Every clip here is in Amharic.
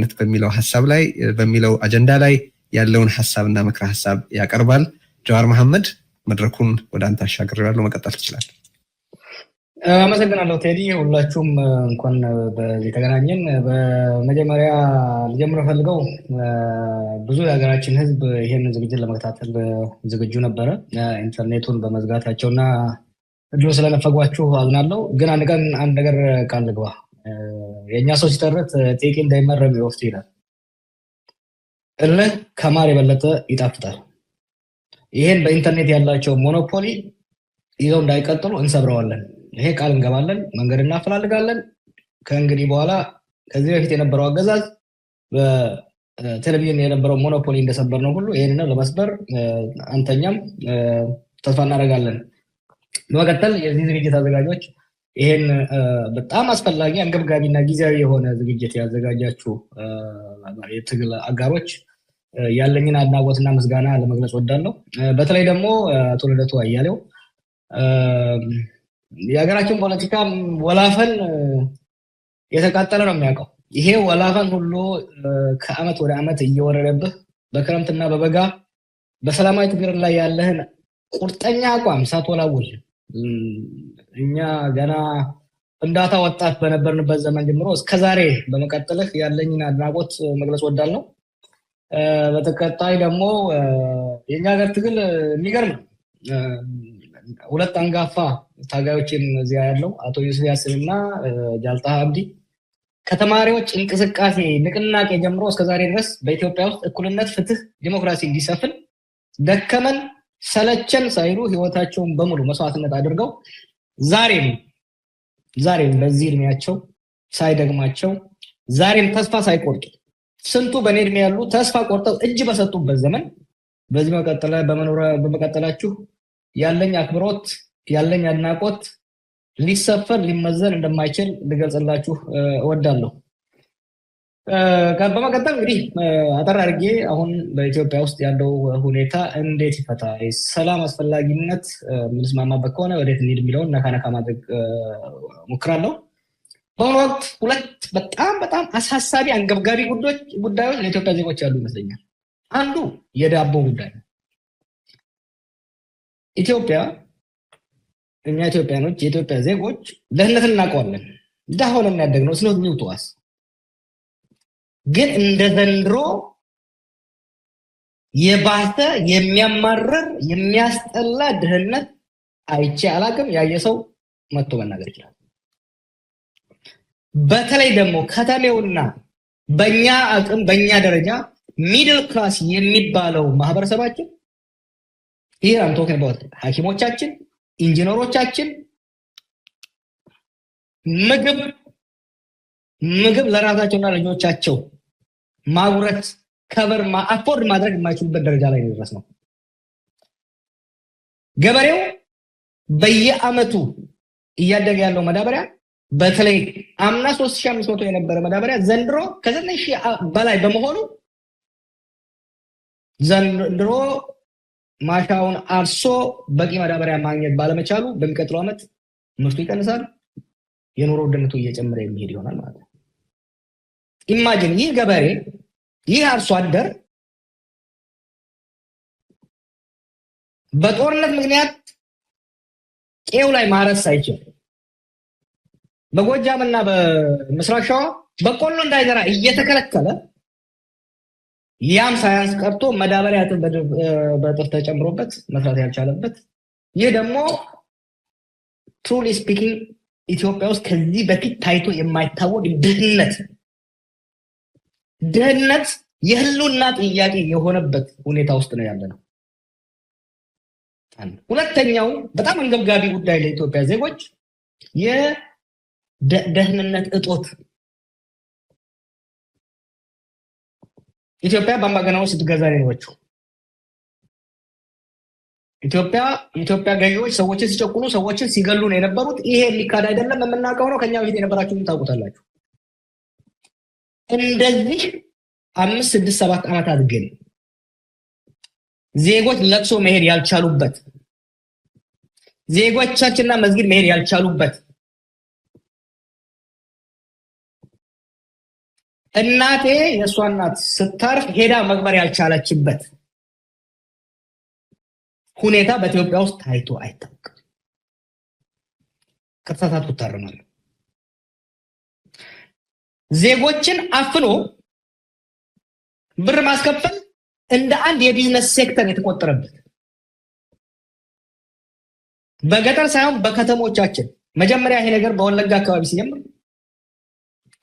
ነት በሚለው ሀሳብ ላይ በሚለው አጀንዳ ላይ ያለውን ሀሳብ እና ምክረ ሀሳብ ያቀርባል። ጀዋር መሐመድ መድረኩን ወደ አንተ አሻግሬዋለሁ። መቀጠል ትችላል። አመሰግናለሁ ቴዲ። ሁላችሁም እንኳን በዚህ ተገናኘን። በመጀመሪያ ልጀምር ፈልገው ብዙ የሀገራችን ሕዝብ ይህንን ዝግጅት ለመከታተል ዝግጁ ነበረ። ኢንተርኔቱን በመዝጋታቸውና እድሉ ስለነፈጓችሁ አዝናለሁ። ግን አንድ ቀን አንድ ነገር ቃል ልግባ የእኛ ሰው ሲተርት ጤቄ እንዳይመረም ወፍቱ ይላል። እልህ ከማር የበለጠ ይጣፍጣል። ይሄን በኢንተርኔት ያላቸው ሞኖፖሊ ይዘው እንዳይቀጥሉ እንሰብረዋለን። ይሄ ቃል እንገባለን፣ መንገድ እናፈላልጋለን። ከእንግዲህ በኋላ ከዚህ በፊት የነበረው አገዛዝ በቴሌቪዥን የነበረው ሞኖፖሊ እንደሰበር ነው ሁሉ ይህን ለመስበር አንተኛም ተስፋ እናደርጋለን። በመቀጠል የዚህ ዝግጅት አዘጋጆች ይህን በጣም አስፈላጊ አንገብጋቢና ጊዜያዊ የሆነ ዝግጅት ያዘጋጃችሁ የትግል አጋሮች ያለኝን አድናቆትና ምስጋና ለመግለጽ ወዳለሁ። በተለይ ደግሞ አቶ ልደቱ አያሌው የሀገራችን ፖለቲካ ወላፈን የተቃጠለ ነው የሚያውቀው። ይሄ ወላፈን ሁሉ ከአመት ወደ አመት እየወረደብህ በክረምትና በበጋ በሰላማዊ ትግር ላይ ያለህን ቁርጠኛ አቋም ሳትወላውል እኛ ገና እንዳታ ወጣት በነበርንበት ዘመን ጀምሮ እስከዛሬ በመቀጠልህ ያለኝን አድናቆት መግለጽ ወዳለው። በተከታይ ደግሞ የእኛ ሀገር ትግል የሚገርም ሁለት አንጋፋ ታጋዮችን እዚያ ያለው አቶ ዩስፍ ያስን እና ጃልጣ አብዲ ከተማሪዎች እንቅስቃሴ ንቅናቄ ጀምሮ እስከዛሬ ድረስ በኢትዮጵያ ውስጥ እኩልነት፣ ፍትህ፣ ዲሞክራሲ እንዲሰፍን ደከመን ሰለቸን ሳይሉ ህይወታቸውን በሙሉ መስዋዕትነት አድርገው ዛሬም ዛሬም በዚህ እድሜያቸው ሳይደግማቸው ዛሬም ተስፋ ሳይቆርጡ ስንቱ በእኔ እድሜ ያሉ ተስፋ ቆርጠው እጅ በሰጡበት ዘመን በዚህ በመቀጠላችሁ ያለኝ አክብሮት ያለኝ አድናቆት ሊሰፈር ሊመዘን እንደማይችል ልገልጽላችሁ እወዳለሁ። በመቀጠል እንግዲህ አጠር አድርጌ አሁን በኢትዮጵያ ውስጥ ያለው ሁኔታ እንዴት ይፈታ፣ ሰላም አስፈላጊነት የምንስማማበት ከሆነ ወዴት እንሂድ የሚለውን ነካነካ ማድረግ ሞክራለሁ። በአሁኑ ወቅት ሁለት በጣም በጣም አሳሳቢ አንገብጋቢ ጉዳዮች ለኢትዮጵያ ዜጎች ያሉ ይመስለኛል። አንዱ የዳቦ ጉዳይ ነው። ኢትዮጵያ እኛ ኢትዮጵያኖች የኢትዮጵያ ዜጎች ድህነትን እናውቀዋለን። ድሀ ሆነን ያደግነው ስለሆነ ሚውጥዋስ ግን እንደ ዘንድሮ የባሰ የሚያማርር የሚያስጠላ ድህነት አይቼ አላቅም። ያየ ሰው መጥቶ መናገር ይችላል። በተለይ ደግሞ ከተሜውና በእኛ አቅም በእኛ ደረጃ ሚድል ክላስ የሚባለው ማህበረሰባችን ይህ አምቶክን ባት ሐኪሞቻችን፣ ኢንጂነሮቻችን ምግብ ምግብ ለራሳቸውና ልጆቻቸው ማጉረት ከበር አፎርድ ማድረግ የማይችሉበት ደረጃ ላይ ደረስ ነው። ገበሬው በየአመቱ እያደገ ያለው መዳበሪያ በተለይ አምና 3500 የነበረ መዳበሪያ ዘንድሮ ከዘጠኝ ሺህ በላይ በመሆኑ ዘንድሮ ማሻውን አርሶ በቂ መዳበሪያ ማግኘት ባለመቻሉ በሚቀጥለው ዓመት ምርቱ ይቀንሳል፣ የኑሮ ውድነቱ እየጨመረ የሚሄድ ይሆናል ማለት ነው። ኢማጂን ይህ ገበሬ ይህ አርሶ አደር በጦርነት ምክንያት ጤው ላይ ማረስ ሳይችል በጎጃም እና በምስራቅ ሸዋ በቆሎ እንዳይዘራ እየተከለከለ ያም ሳያንስ ቀርቶ መዳበሪያ በጥፍ ተጨምሮበት መስራት ያልቻለበት ይህ ደግሞ ትሩሊ ስፒኪንግ ኢትዮጵያ ውስጥ ከዚህ በፊት ታይቶ የማይታወቅ ድህነት ድህነት የህልውና ጥያቄ የሆነበት ሁኔታ ውስጥ ነው ያለ ነው። ሁለተኛው በጣም አንገብጋቢ ጉዳይ ለኢትዮጵያ ዜጎች የደህንነት እጦት። ኢትዮጵያ በአምባገነኖች ስትገዛ ሌሎችው ኢትዮጵያ የኢትዮጵያ ገዢዎች ሰዎችን ሲጨቁኑ፣ ሰዎችን ሲገሉ ነው የነበሩት። ይሄ ሊካድ አይደለም፣ የምናውቀው ነው። ከኛ በፊት የነበራችሁ ታውቁታላችሁ። እንደዚህ አምስት ስድስት ሰባት ዓመታት ግን ዜጎች ለቅሶ መሄድ ያልቻሉበት ዜጎቻችንና መስጊድ መሄድ ያልቻሉበት እናቴ የእሷ እናት ስታርፍ ሄዳ መቅበር ያልቻለችበት ሁኔታ በኢትዮጵያ ውስጥ ታይቶ አይታወቅም። ከተሳሳትኩ ታርማለሁ። ዜጎችን አፍኖ ብር ማስከፈል እንደ አንድ የቢዝነስ ሴክተር የተቆጠረበት በገጠር ሳይሆን በከተሞቻችን መጀመሪያ ይሄ ነገር በወለጋ አካባቢ ሲጀምር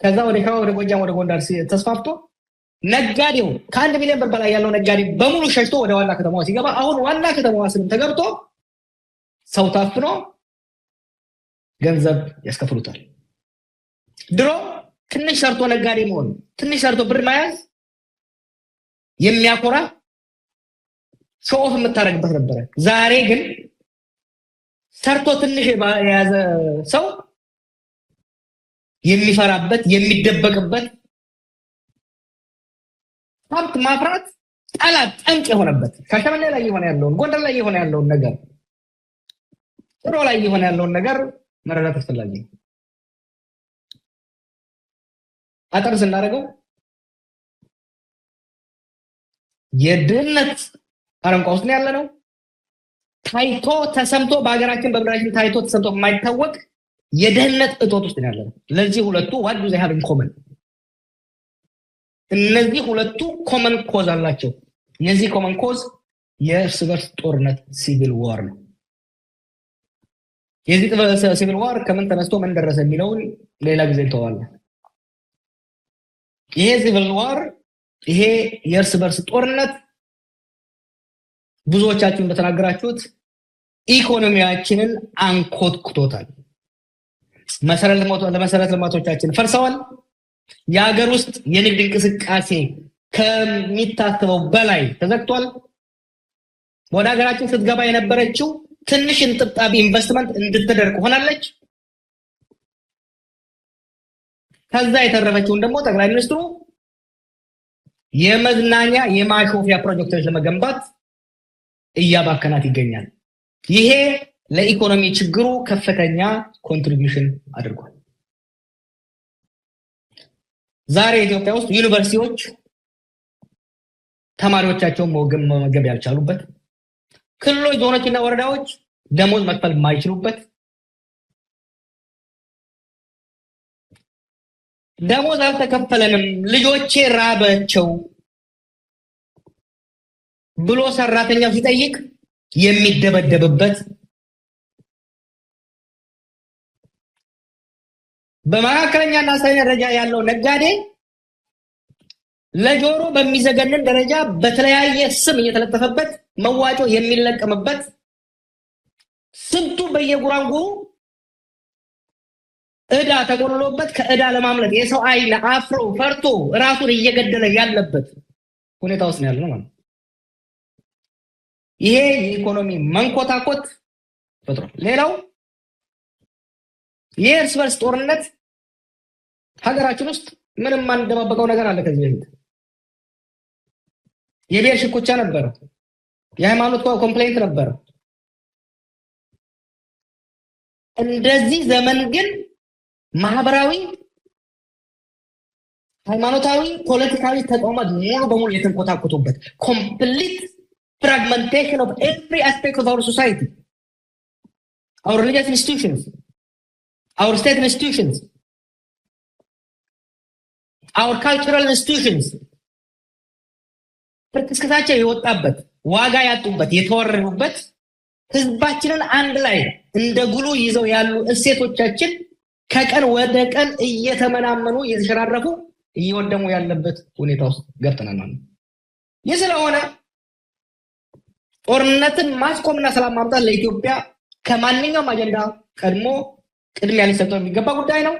ከዛ ወደ ሸዋ፣ ወደ ጎጃም፣ ወደ ጎንደር ተስፋፍቶ ነጋዴው ከአንድ ሚሊዮን ብር በላይ ያለው ነጋዴ በሙሉ ሸሽቶ ወደ ዋና ከተማዋ ሲገባ አሁን ዋና ከተማዋ ስም ተገብቶ ሰው ታፍኖ ገንዘብ ያስከፍሉታል። ድሮ ትንሽ ሰርቶ ነጋዴ መሆን፣ ትንሽ ሰርቶ ብር መያዝ የሚያኮራ ሾኦፍ የምታደርግበት ነበረ። ዛሬ ግን ሰርቶ ትንሽ የያዘ ሰው የሚፈራበት የሚደበቅበት ሀብት ማፍራት ጠላት ጠንቅ የሆነበት ሻሸመኔ ላይ የሆነ ያለውን ጎንደር ላይ የሆነ ያለውን ነገር ጥሮ ላይ የሆነ ያለውን ነገር መረዳት አስፈላጊ ነው። አጠር ስናደርገው የድህነት አረንቋ ውስጥ ያለ ነው። ታይቶ ተሰምቶ በሀገራችን በምድራችን ታይቶ ተሰምቶ የማይታወቅ የድህነት እጦት ውስጥ ያለ ነው። ለዚህ ሁለቱ ዋዱ ዚ ኮመን እነዚህ ሁለቱ ኮመን ኮዝ አላቸው። የዚህ ኮመን ኮዝ የእርስ በርስ ጦርነት ሲቪል ዋር ነው። የዚህ ሲቪል ዋር ከምን ተነስቶ ምን ደረሰ የሚለውን ሌላ ጊዜ እንተዋለን። ይሄ ሲቪል ዋር ይሄ የእርስ በርስ ጦርነት ብዙዎቻችሁ በተናገራችሁት ኢኮኖሚያችንን አንኮትኩቶታል። ለመሰረት ልማቶቻችን ፈርሰዋል። የሀገር ውስጥ የንግድ እንቅስቃሴ ከሚታሰበው በላይ ተዘግቷል። ወደ ሀገራችን ስትገባ የነበረችው ትንሽ እንጥብጣቢ ኢንቨስትመንት እንድትደርግ ሆናለች። ከዛ የተረፈችውን ደግሞ ጠቅላይ ሚኒስትሩ የመዝናኛ የማሾፊያ ፕሮጀክቶች ለመገንባት እያባከናት ይገኛል። ይሄ ለኢኮኖሚ ችግሩ ከፍተኛ ኮንትሪቢሽን አድርጓል። ዛሬ ኢትዮጵያ ውስጥ ዩኒቨርሲቲዎች ተማሪዎቻቸውን መመገብ ያልቻሉበት፣ ክልሎች፣ ዞኖችና ወረዳዎች ደሞዝ መክፈል የማይችሉበት ደሞዝ አልተከፈለንም፣ ልጆቼ ራበቸው ብሎ ሰራተኛው ሲጠይቅ የሚደበደብበት በመካከለኛና አነስተኛ ደረጃ ያለው ነጋዴ ለጆሮ በሚዘገንን ደረጃ በተለያየ ስም እየተለጠፈበት መዋጮ የሚለቀምበት ስንቱ በየጉራንጉሩ እዳ ተጎልሎበት ከእዳ ለማምለጥ የሰው አይን አፍሮ ፈርቶ ራሱን እየገደለ ያለበት ሁኔታ ውስጥ ያለ ነው ማለት ይሄ የኢኮኖሚ መንኮታኮት ፈጥሯል። ሌላው የእርስ በርስ ጦርነት ሀገራችን ውስጥ ምንም አንደባበቀው ነገር አለ። ከዚህ በፊት የብሔር ሽኩቻ ነበረ፣ የሃይማኖት ኮምፕሌንት ነበረ። እንደዚህ ዘመን ግን ማህበራዊ፣ ሃይማኖታዊ፣ ፖለቲካዊ ተቋማት ሙሉ በሙሉ የተንኮታኮቱበት ኮምፕሊት ፍራግመንቴሽን ኦፍ ኤቭሪ አስፔክት ኦፍ አወር ሶሳይቲ አወር ሪሊጂየስ ኢንስቲቱሽንስ አውር ስቴት ኢንስቲቱሽንስ አወር ካልቸራል ኢንስቲቱሽንስ ፍርክስክሳቸው የወጣበት ዋጋ ያጡበት የተወረዱበት ህዝባችንን አንድ ላይ እንደ ጉሉ ይዘው ያሉ እሴቶቻችን ከቀን ወደ ቀን እየተመናመኑ እየተሸራረፉ እየወደሙ ያለበት ሁኔታ ውስጥ ገብተናል ነው። ይህ ስለሆነ ጦርነትን ማስቆምና ሰላም ማምጣት ለኢትዮጵያ ከማንኛውም አጀንዳ ቀድሞ ቅድሚያ ሊሰጠው የሚገባ ጉዳይ ነው።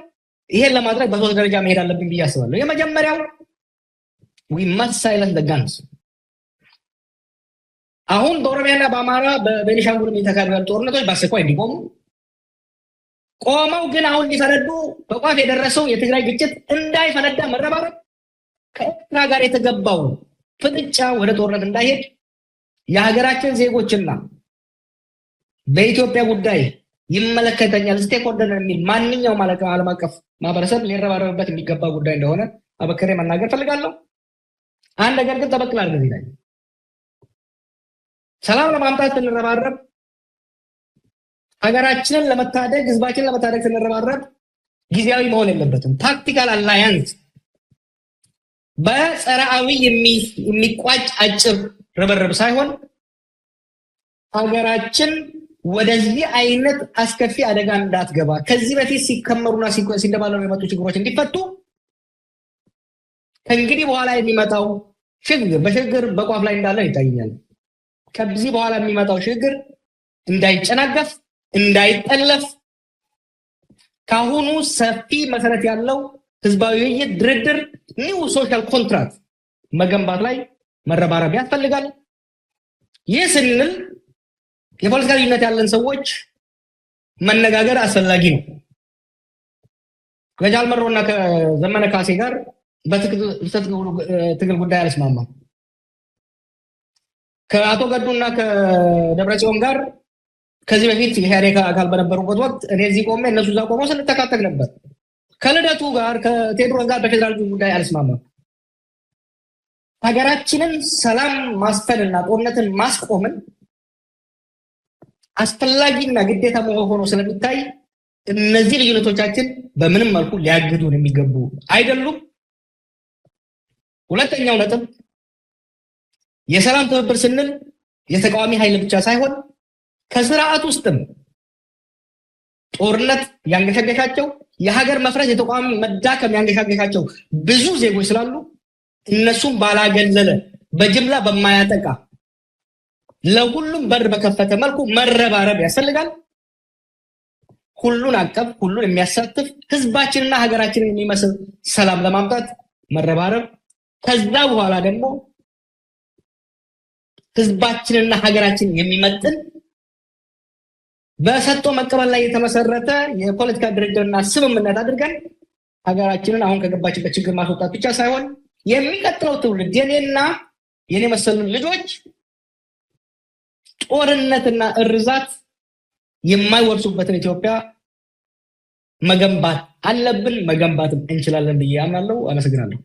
ይሄን ለማድረግ በሶስት ደረጃ መሄድ አለብኝ ብዬ አስባለሁ። የመጀመሪያው ዊመት ደጋንስ አሁን በኦሮሚያና በአማራ በቤኒሻንጉልም የተካሄዱ ጦርነቶች በአስቸኳይ እንዲቆሙ ቆመው ግን አሁን ሊፈነዱ በቋፍ የደረሰው የትግራይ ግጭት እንዳይፈነዳ መረባረብ ከኤርትራ ጋር የተገባው ፍጥጫ ወደ ጦርነት እንዳይሄድ የሀገራችን ዜጎችና በኢትዮጵያ ጉዳይ ይመለከተኛል ስቴክሆልደር የሚል ማንኛውም ዓለም አቀፍ ማህበረሰብ ሊረባረብበት የሚገባ ጉዳይ እንደሆነ አበክሬ መናገር ፈልጋለሁ። አንድ ነገር ግን ተበቅላል። አድርገ ላይ ሰላም ለማምጣት ስንረባረብ ሀገራችንን ለመታደግ ህዝባችንን ለመታደግ ስንረባረብ ጊዜያዊ መሆን የለበትም። ታክቲካል አላያንስ በፀረአዊ የሚቋጭ አጭር ርብርብ ሳይሆን ሀገራችን ወደዚህ አይነት አስከፊ አደጋ እንዳትገባ ከዚህ በፊት ሲከመሩና ሲደባለሉ የመጡ ችግሮች እንዲፈቱ ከእንግዲህ በኋላ የሚመጣው ሽግግር በሽግግር በቋፍ ላይ እንዳለን ይታየኛል። ከዚህ በኋላ የሚመጣው ሽግግር እንዳይጨናገፍ እንዳይጠለፍ ከአሁኑ ሰፊ መሰረት ያለው ህዝባዊ ውይይት፣ ድርድር፣ ኒው ሶሻል ኮንትራክት መገንባት ላይ መረባረብ ያስፈልጋል። ይህ ስንል የፖለቲካ ልዩነት ያለን ሰዎች መነጋገር አስፈላጊ ነው። ከጃል መሮና ከዘመነ ካሴ ጋር በትግል ጉዳይ አልስማማም። ከአቶ ገዱና ከደብረጽዮን ጋር ከዚህ በፊት የሻሪካ አካል በነበሩበት ወቅት እኔ እዚህ ቆሜ እነሱ እዛ ቆመው ስንተካተክ ነበር። ከልደቱ ጋር ከቴዎድሮስ ጋር በፌዴራል ጉዳይ አልስማማም። ሀገራችንን ሰላም ማስፈንና ጦርነትን ማስቆምን አስፈላጊና ግዴታ መሆ ሆኖ ስለሚታይ እነዚህ ልዩነቶቻችን በምንም መልኩ ሊያግዱን የሚገቡ አይደሉም። ሁለተኛው ነጥብ የሰላም ትብብር ስንል የተቃዋሚ ኃይል ብቻ ሳይሆን ከስርዓት ውስጥም ጦርነት ያንገሻገሻቸው የሀገር መፍረስ የተቋም መዳከም ያንገሻገሻቸው ብዙ ዜጎች ስላሉ እነሱም ባላገለለ በጅምላ በማያጠቃ ለሁሉም በር በከፈተ መልኩ መረባረብ ያስፈልጋል። ሁሉን አቀፍ ሁሉን የሚያሳትፍ ህዝባችንና ሀገራችንን የሚመስል ሰላም ለማምጣት መረባረብ፣ ከዛ በኋላ ደግሞ ህዝባችንና ሀገራችንን የሚመጥን በሰጥቶ መቀበል ላይ የተመሰረተ የፖለቲካ ድርድርና ስምምነት አድርገን ሀገራችንን አሁን ከገባችበት ችግር ማስወጣት ብቻ ሳይሆን የሚቀጥለው ትውልድ የኔና የኔ መሰሉ ልጆች ጦርነትና እርዛት የማይወርሱበትን ኢትዮጵያ መገንባት አለብን፣ መገንባትም እንችላለን ብዬ አምናለሁ። አመሰግናለሁ።